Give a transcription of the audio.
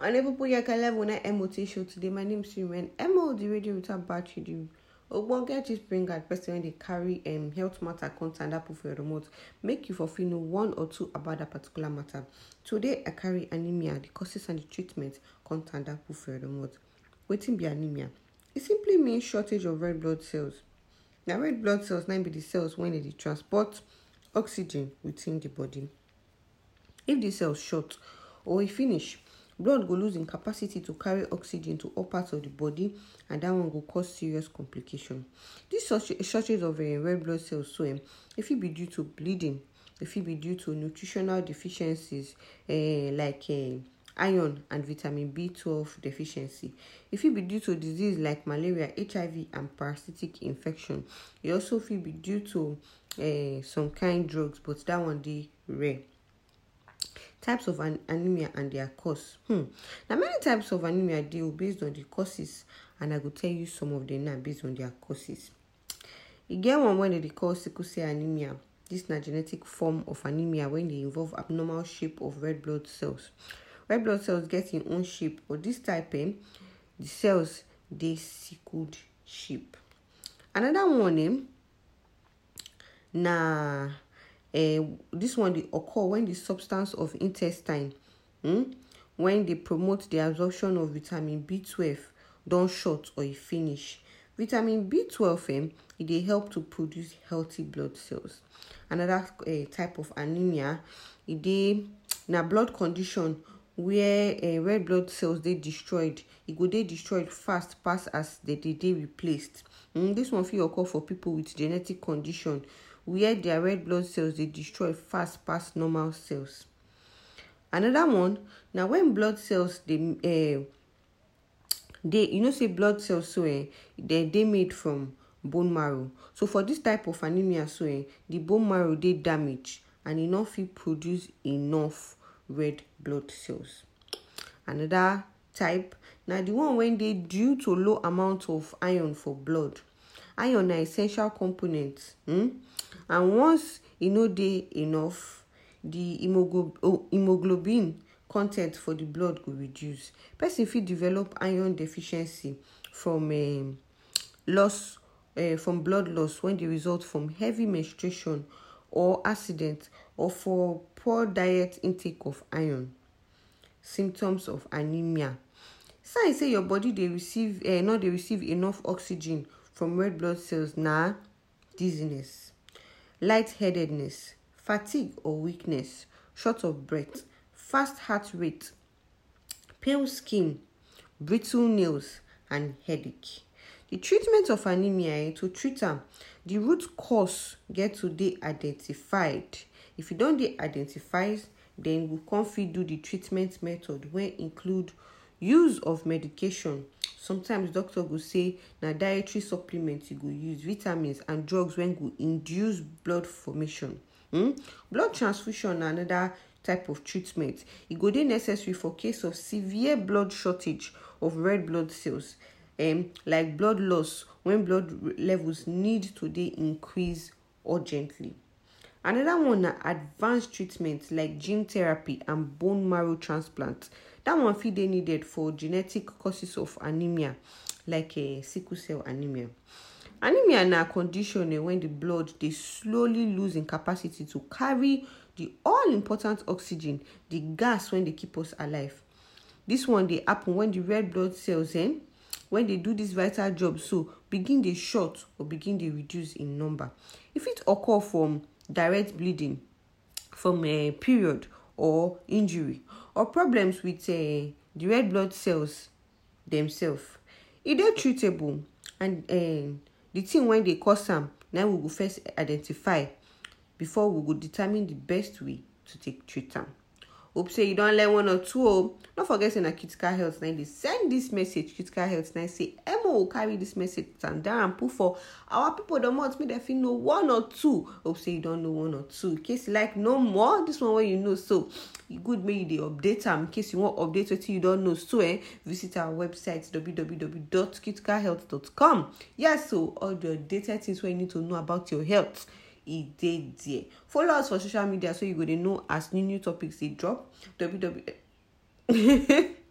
Honorable Yakalebune MOT show today. My name is Yumen. MO, the radio without battery, the ogbonge gist bring at person when they carry um, health matter content up put for your remote. Make you for feeling one or two about a particular matter. Today, I carry anemia, the causes and the treatment content up put for your remote. Waiting be anemia. It simply means shortage of red blood cells. Now, red blood cells, now be the cells when they transport oxygen within the body. If the cells short or e finish, blood go lose im capacity to carry oxygen to all parts of the body and that one go cause serious complication This shortage of um, red blood cells so um, eh, it fit be due to bleeding It fit be due to nutritional deficiencies um, like um, iron and vitamin b12 deficiency It fit be due to disease like malaria hiv and parasitic infection It also fit be due to uh, some kind drugs but that one dey rare types of an- anemia and their cause. Hmm. Now, many types of anemia deal based on the causes, and I will tell you some of them now based on their causes. Again, one when they call sickle cell anemia. This is a genetic form of anemia when they involve abnormal shape of red blood cells. Red blood cells get in own shape, or this type, eh, the cells they sickled shape. Another one, eh, na uh, this one they occur when the substance of intestine, hmm, when they promote the absorption of vitamin B12, don't short or finish. Vitamin B12 um, eh, e help to produce healthy blood cells. Another uh, type of anemia e dey na blood condition where uh, red blood cells they destroyed it go dey destroyed fast pass as they they dey replaced. Mm, this one feel occur for people with genetic condition where their red blood cells dey destroy fast pass normal cells another one na when blood cells dey uh, eh, dey you know say blood cells so eh dem dey made from bone marrow so for this type of anemia so eh the bone marrow dey damaged and e no fit produce enough red blood cells another type na the one wey dey due to low amount of iron for blood iron na essential component hmm? and once e no dey enough the oh, hemoglobin con ten t for the blood go reduce person fit develop iron deficiency from um, loss uh, from blood loss when dey result from heavy menstruation or accident or for poor diet intake of iron symptoms of anemia sign say your body dey receive uh, no dey receive enough oxygen from red blood cells na dizziness lightheadedness, fatigue or weakness, short of breath, fast heart rate, pale skin, brittle nails, and headache. The treatment of anemia eh, to treat them, the root cause get to be identified. If you don't dey identify, then we can't fit do the treatment method Where include use of medication sometimes doctor go say na dietary supplements you go use vitamins and drugs wey go induce blood formation hmm? blood transfusion na another type of treatment e go dey necessary for case of severe blood shortage of red blood cells um, like blood loss when blood levels need to dey increase urgently Another one na advanced treatment like gene therapy and bone marrow transplant. That one fit dey needed for genetic causes of anemia like um sickle cell anemia. Anemia na condition um when the blood dey slowly lose in capacity to carry the all important oxygen, the gas wey dey keep us alive. This one dey happen when the red blood cells um eh, wey dey do this vital job so begin dey short or begin dey reduce in number. E fit occur from direct bleeding from a period or injury or problems with uh, the red blood cells themselves. E dey treatable and uh, the thing wey dey cause am na we go first identify before we go determine the best way to take treat am. Hope say you don learn one or two o. Oh. No forget say na critical health na dey send this message critical health na say will carry this message and there and put for our people the month make they fit know one or two hope oh, say you don know one or two in case you like know more this one wey you know so e good make you dey update am in case you wan update wetin you don know so eh visit our website www.criticalhealth.com yes so all the updated things wey you need to know about your health e dey there follow us for social media so you go dey know as new new topics dey drop www.